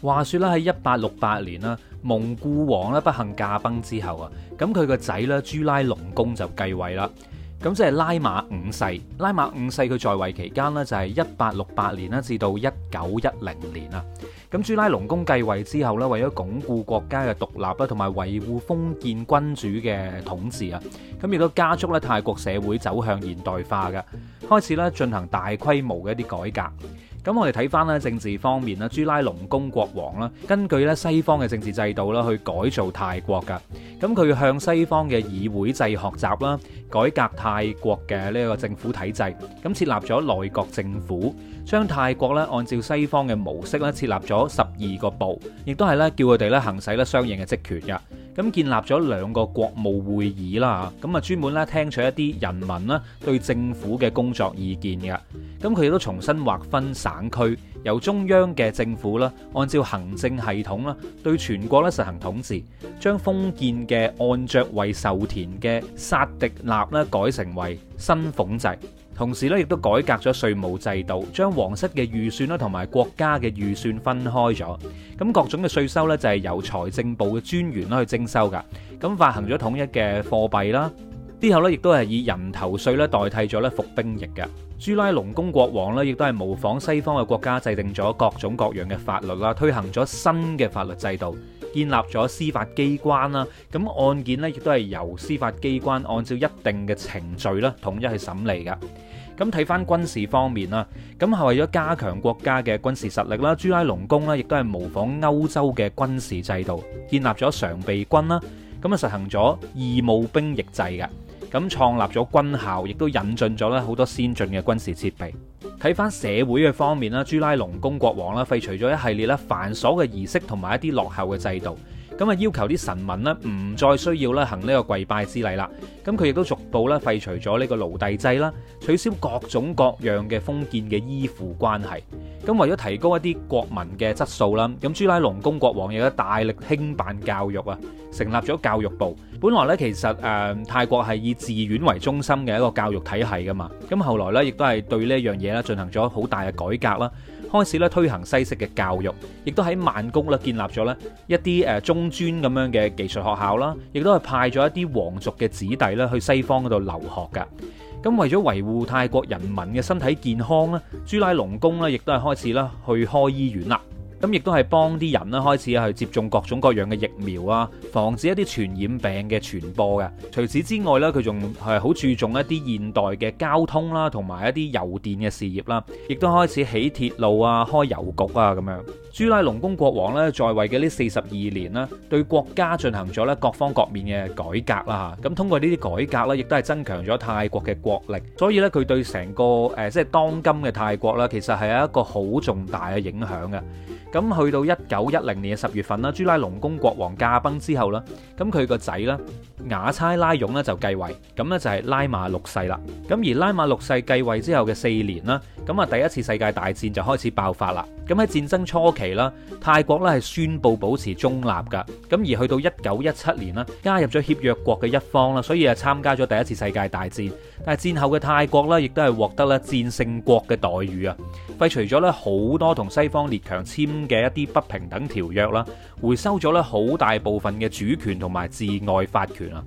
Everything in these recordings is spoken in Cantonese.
話說啦，喺一八六八年啦，蒙古王咧不幸駕崩之後啊，咁佢個仔咧朱拉隆功就繼位啦。咁即係拉馬五世，拉馬五世佢在位期間咧就係一八六八年啦，至到一九一零年啦。咁朱拉隆功繼位之後咧，為咗鞏固國家嘅獨立啦，同埋維護封建君主嘅統治啊，咁亦都加速咧泰國社會走向現代化噶，開始咧進行大規模嘅一啲改革。咁我哋睇翻咧政治方面咧，朱拉隆功國王啦，根據咧西方嘅政治制度啦，去改造泰國噶。咁佢向西方嘅議會制學習啦，改革泰國嘅呢一個政府體制。咁設立咗內閣政府，將泰國咧按照西方嘅模式咧設立咗十二個部，亦都係咧叫佢哋咧行使咧相應嘅職權噶。咁建立咗兩個國務會議啦，咁啊專門咧聽取一啲人民啦對政府嘅工作意見嘅。咁佢亦都重新劃分省區，由中央嘅政府啦，按照行政系統啦，對全國咧實行統治，將封建嘅按爵位授田嘅薩迪納咧改成為薪俸制。同時咧，亦都改革咗稅務制度，將皇室嘅預算咧同埋國家嘅預算分開咗。咁各種嘅稅收咧就係由財政部嘅專員啦去徵收㗎。咁發行咗統一嘅貨幣啦，之後咧亦都係以人頭稅咧代替咗咧服兵役嘅。朱拉隆功國王咧亦都係模仿西方嘅國家制定咗各種各樣嘅法律啦，推行咗新嘅法律制度，建立咗司法機關啦。咁案件咧亦都係由司法機關按照一定嘅程序啦統一去審理嘅。咁睇翻軍事方面啦，咁係為咗加強國家嘅軍事實力啦，朱拉隆功呢亦都係模仿歐洲嘅軍事制度，建立咗常備軍啦，咁啊實行咗義務兵役制嘅，咁創立咗軍校，亦都引進咗咧好多先進嘅軍事設備。睇翻社會嘅方面啦，朱拉隆功國王啦廢除咗一系列咧繁瑣嘅儀式同埋一啲落後嘅制度。咁啊要求啲臣民咧唔再需要咧行呢個跪拜之禮啦。咁佢亦都逐步咧廢除咗呢個奴隸制啦，取消各種各樣嘅封建嘅依附關係。咁為咗提高一啲國民嘅質素啦，咁朱拉隆功國王亦都大力興辦教育啊，成立咗教育部。本來呢，其實誒泰國係以寺院為中心嘅一個教育體系噶嘛。咁後來呢，亦都係對呢一樣嘢咧進行咗好大嘅改革啦。開始咧推行西式嘅教育，亦都喺曼谷咧建立咗咧一啲誒中專咁樣嘅技術學校啦，亦都係派咗一啲皇族嘅子弟咧去西方度留學噶。咁為咗維護泰國人民嘅身體健康咧，朱拉隆功咧亦都係開始啦去開醫院啦。咁亦都係幫啲人呢開始去接種各種各樣嘅疫苗啊，防止一啲傳染病嘅傳播嘅。除此之外呢，佢仲係好注重一啲現代嘅交通啦，同埋一啲郵電嘅事業啦，亦都開始起鐵路啊、開郵局啊咁樣。朱拉隆功國王咧在位嘅呢四十二年啦，對國家進行咗咧各方各面嘅改革啦吓，咁通過呢啲改革咧，亦都係增強咗泰國嘅國力，所以咧佢對成個誒、呃、即係當今嘅泰國啦，其實係有一個好重大嘅影響嘅。咁去到一九一零年嘅十月份啦，朱拉隆功國王駕崩之後啦，咁佢個仔啦瓦差拉勇咧就繼位，咁咧就係拉馬六世啦。咁而拉馬六世繼位之後嘅四年啦，咁啊第一次世界大戰就開始爆發啦。咁喺戰爭初期啦，泰國呢係宣佈保持中立㗎，咁而去到一九一七年啦，加入咗協約國嘅一方啦，所以啊參加咗第一次世界大戰。但係戰後嘅泰國呢，亦都係獲得咧戰勝國嘅待遇啊，廢除咗咧好多同西方列強簽嘅一啲不平等條約啦，回收咗咧好大部分嘅主權同埋治外法權啊。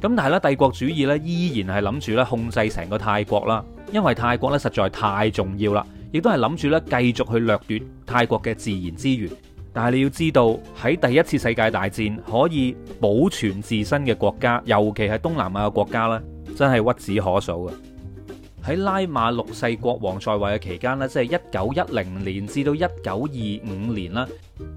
咁但係咧帝國主義咧依然係諗住咧控制成個泰國啦，因為泰國咧實在太重要啦。亦都係諗住咧繼續去掠奪泰國嘅自然資源，但係你要知道喺第一次世界大戰可以保存自身嘅國家，尤其係東南亞嘅國家咧，真係屈指可數嘅。喺拉馬六世國王在位嘅期間呢，即係一九一零年至到一九二五年啦，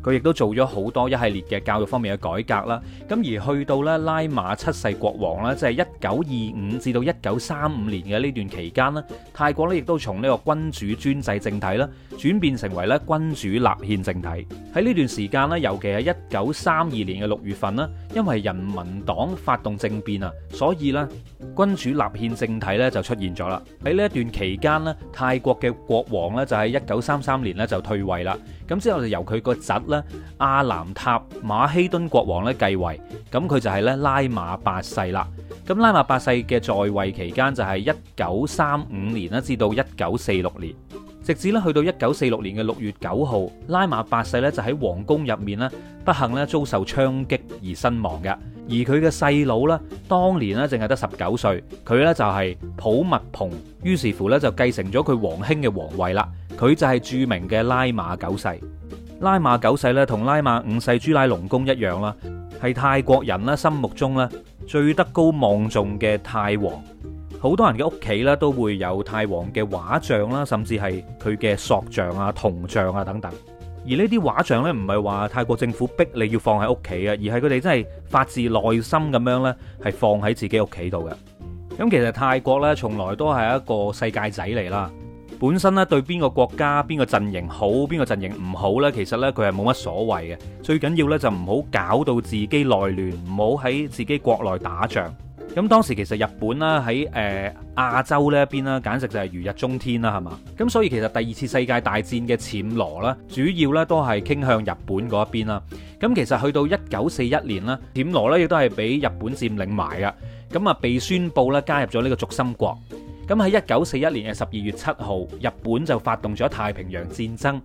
佢亦都做咗好多一系列嘅教育方面嘅改革啦。咁而去到咧拉馬七世國王呢，即係一九二五至到一九三五年嘅呢段期間呢，泰國呢亦都從呢個君主專制政體啦，轉變成為咧君主立憲政體。喺呢段時間呢，尤其係一九三二年嘅六月份啦，因為人民黨發動政變啊，所以咧君主立憲政體咧就出現咗啦。喺呢一段期間咧，泰國嘅國王咧就喺一九三三年咧就退位啦。咁之後就由佢個侄咧阿南塔馬希敦國王咧繼位。咁佢就係咧拉馬八世啦。咁拉馬八世嘅在位期間就係一九三五年啦，至到一九四六年，直至咧去到一九四六年嘅六月九號，拉馬八世咧就喺皇宮入面咧不幸咧遭受槍擊而身亡嘅。而佢嘅細佬呢，當年咧淨係得十九歲，佢呢就係普密蓬，於是乎呢就繼承咗佢皇兄嘅皇位啦。佢就係著名嘅拉瑪九世。拉瑪九世咧同拉瑪五世朱拉隆功一樣啦，係泰國人啦心目中啦最德高望重嘅泰王。好多人嘅屋企啦都會有泰王嘅畫像啦，甚至係佢嘅塑像啊、銅像啊等等。而呢啲畫像呢，唔係話泰國政府逼你要放喺屋企嘅，而係佢哋真係發自內心咁樣呢，係放喺自己屋企度嘅。咁其實泰國呢，從來都係一個世界仔嚟啦。本身呢，對邊個國家、邊個陣營好，邊個陣營唔好呢，其實呢，佢係冇乜所謂嘅。最緊要呢，就唔好搞到自己內亂，唔好喺自己國內打仗。咁當時其實日本啦喺誒亞洲呢一邊啦，簡直就係如日中天啦，係嘛？咁所以其實第二次世界大戰嘅暹羅啦，主要咧都係傾向日本嗰一邊啦。咁其實去到一九四一年啦，暹羅咧亦都係俾日本佔領埋嘅。咁啊，被宣佈咧加入咗呢個軸心國。咁喺一九四一年嘅十二月七號，日本就發動咗太平洋戰爭。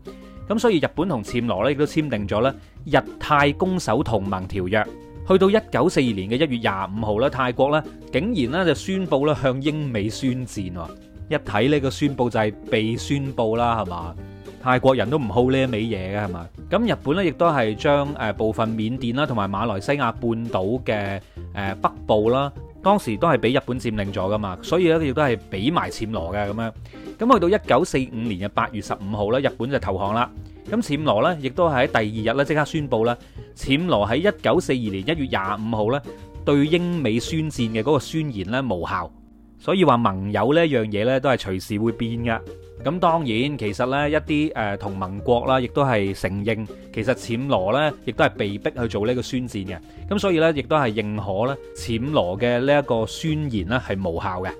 咁所以日本同暹羅咧亦都簽訂咗咧日泰攻守同盟條約。去到一九四二年嘅一月廿五號啦，泰國咧竟然咧就宣布咧向英美宣戰喎！一睇呢個宣佈就係被宣佈啦，係嘛？泰國人都唔好呢一味嘢嘅，係嘛？咁日本咧亦都係將誒部分緬甸啦同埋馬來西亞半島嘅誒北部啦，當時都係俾日本佔領咗噶嘛，所以咧亦都係俾埋暹羅嘅咁樣。咁去到一九四五年嘅八月十五號啦，日本就投降啦。咁暹羅咧，亦都係喺第二日咧，即刻宣布啦。暹羅喺一九四二年一月廿五號咧，對英美宣戰嘅嗰個宣言咧無效，所以話盟友呢樣嘢咧都係隨時會變噶。咁當然其實咧一啲誒同盟國啦，亦都係承認其實暹羅咧，亦都係被逼去做呢個宣戰嘅。咁所以咧，亦都係認可咧暹羅嘅呢一個宣言咧係無效嘅。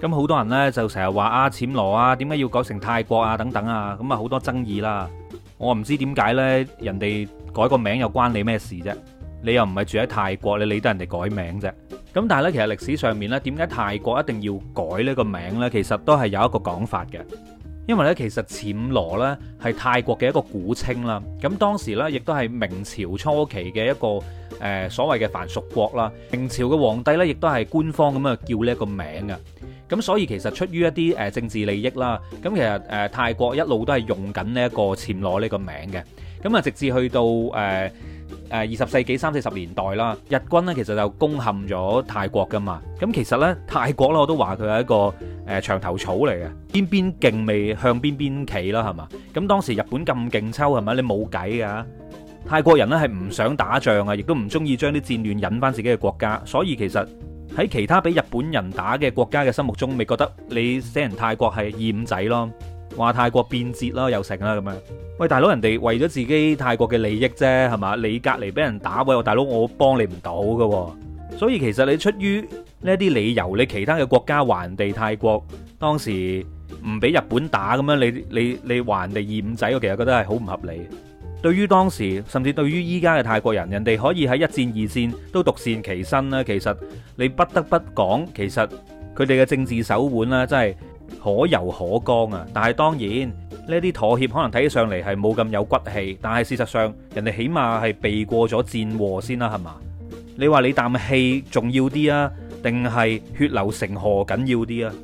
咁好多人咧就成日話啊暹羅啊，點解要改成泰國啊等等啊，咁啊好多爭議啦。我唔知點解咧，人哋改個名又關你咩事啫？你又唔係住喺泰國，你理得人哋改名啫？咁但係咧，其實歷史上面咧，點解泰國一定要改呢個名咧？其實都係有一個講法嘅，因為咧其實暹羅咧係泰國嘅一個古稱啦。咁當時咧亦都係明朝初期嘅一個誒所謂嘅藩屬國啦。明朝嘅皇帝咧亦都係官方咁樣叫呢一個名㗎。咁所以其實出於一啲誒政治利益啦，咁其實誒、呃、泰國一路都係用緊呢一個暹羅呢個名嘅，咁啊直至去到誒誒、呃、二十世紀三四十年代啦，日軍呢其實就攻陷咗泰國噶嘛，咁其實呢，泰國咧我都話佢係一個誒、呃、長頭草嚟嘅，邊邊勁未向邊邊企啦係嘛？咁當時日本咁勁抽係咪？你冇計噶，泰國人咧係唔想打仗啊，亦都唔中意將啲戰亂引翻自己嘅國家，所以其實。喺其他俾日本人打嘅國家嘅心目中，咪覺得你死人泰國係二五仔咯，話泰國變節啦，又成啦咁樣。喂，大佬，人哋為咗自己泰國嘅利益啫，係嘛？你隔離俾人打，喂，大佬我幫你唔到嘅，所以其實你出於呢啲理由，你其他嘅國家還地泰國，當時唔俾日本打咁樣，你你你還地二五仔，我其實覺得係好唔合理。對於當時，甚至對於依家嘅泰國人，人哋可以喺一戰二戰都獨善其身啦。其實你不得不講，其實佢哋嘅政治手腕咧，真係可柔可剛啊。但係當然呢啲妥協，可能睇起上嚟係冇咁有骨氣，但係事實上人哋起碼係避過咗戰禍先啦，啊，係嘛？你話你啖氣重要啲啊，定係血流成河緊要啲啊？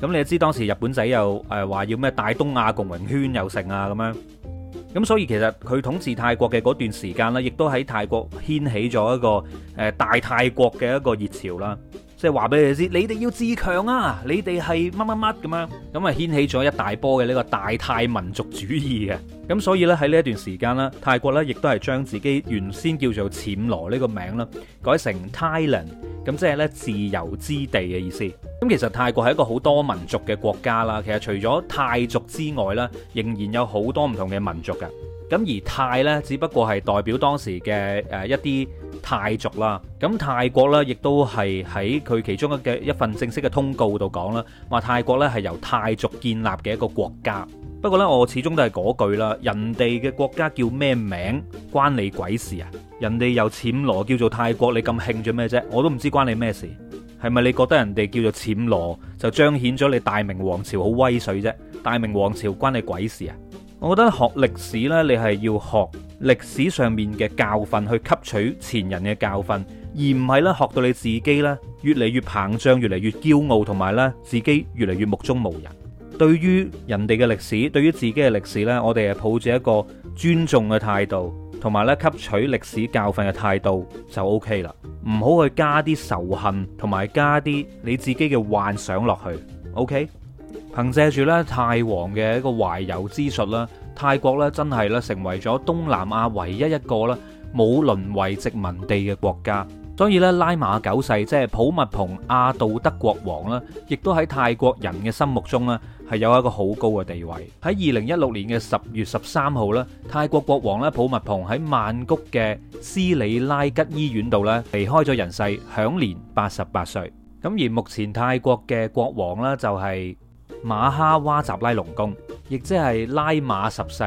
咁你知當時日本仔又誒話、呃、要咩大東亞共榮圈又成啊咁樣。咁所以其實佢統治泰國嘅嗰段時間呢，亦都喺泰國掀起咗一個誒、呃、大泰國嘅一個熱潮啦。即係話俾佢哋知，你哋要自強啊！你哋係乜乜乜咁樣，咁啊掀起咗一大波嘅呢個大泰民族主義嘅。咁所以呢，喺呢一段時間啦，泰國呢亦都係將自己原先叫做暹羅呢個名啦，改成 Thailand，咁即係呢自由之地嘅意思。咁其實泰國係一個好多民族嘅國家啦。其實除咗泰族之外呢，仍然有好多唔同嘅民族嘅。咁而泰呢，只不過係代表當時嘅誒、呃、一啲。泰族啦，咁泰國咧亦都係喺佢其中一嘅一份正式嘅通告度講啦，話泰國咧係由泰族建立嘅一個國家。不過呢，我始終都係嗰句啦，人哋嘅國家叫咩名關你鬼事啊？人哋又暹羅叫做泰國，你咁興咗咩啫？我都唔知關你咩事，係咪你覺得人哋叫做暹羅就彰顯咗你大明王朝好威水啫？大明王朝關你鬼事啊？我覺得學歷史呢，你係要學。歷史上面嘅教訓去吸取前人嘅教訓，而唔係咧學到你自己咧越嚟越膨脹、越嚟越驕傲，同埋咧自己越嚟越目中無人。對於人哋嘅歷史，對於自己嘅歷史咧，我哋係抱住一個尊重嘅態度，同埋咧吸取歷史教訓嘅態度就 OK 啦。唔好去加啲仇恨，同埋加啲你自己嘅幻想落去。OK，憑借住咧泰皇嘅一個懷柔之術啦。泰國咧真係咧成為咗東南亞唯一一個咧冇淪為殖民地嘅國家，所以咧拉馬九世即係普密蓬亞杜德國王啦，亦都喺泰國人嘅心目中咧係有一個好高嘅地位。喺二零一六年嘅十月十三號咧，泰國國王咧普密蓬喺曼谷嘅斯里拉吉醫院度咧離開咗人世，享年八十八歲。咁而目前泰國嘅國王咧就係馬哈娃扎拉隆功。亦即係拉馬十世，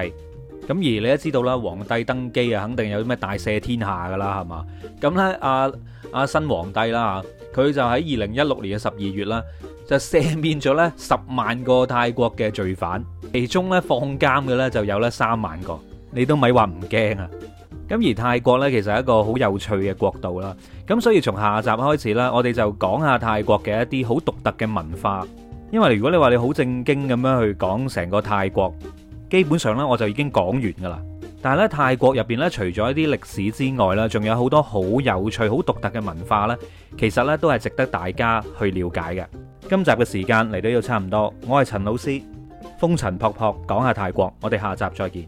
咁而你都知道啦，皇帝登基啊，肯定有咩大赦天下㗎啦，係嘛？咁呢阿阿新皇帝啦，佢、啊、就喺二零一六年嘅十二月啦，就赦免咗呢十萬個泰國嘅罪犯，其中呢放監嘅呢就有呢三萬個，你都咪話唔驚啊！咁而泰國呢，其實係一個好有趣嘅國度啦，咁所以從下集開始啦，我哋就講下泰國嘅一啲好獨特嘅文化。因為如果你話你好正經咁樣去講成個泰國，基本上呢我就已經講完噶啦。但係咧泰國入邊呢，除咗一啲歷史之外呢，仲有好多好有趣、好獨特嘅文化呢，其實呢都係值得大家去了解嘅。今集嘅時間嚟到呢度差唔多，我係陳老師，風塵仆僕講下泰國，我哋下集再見。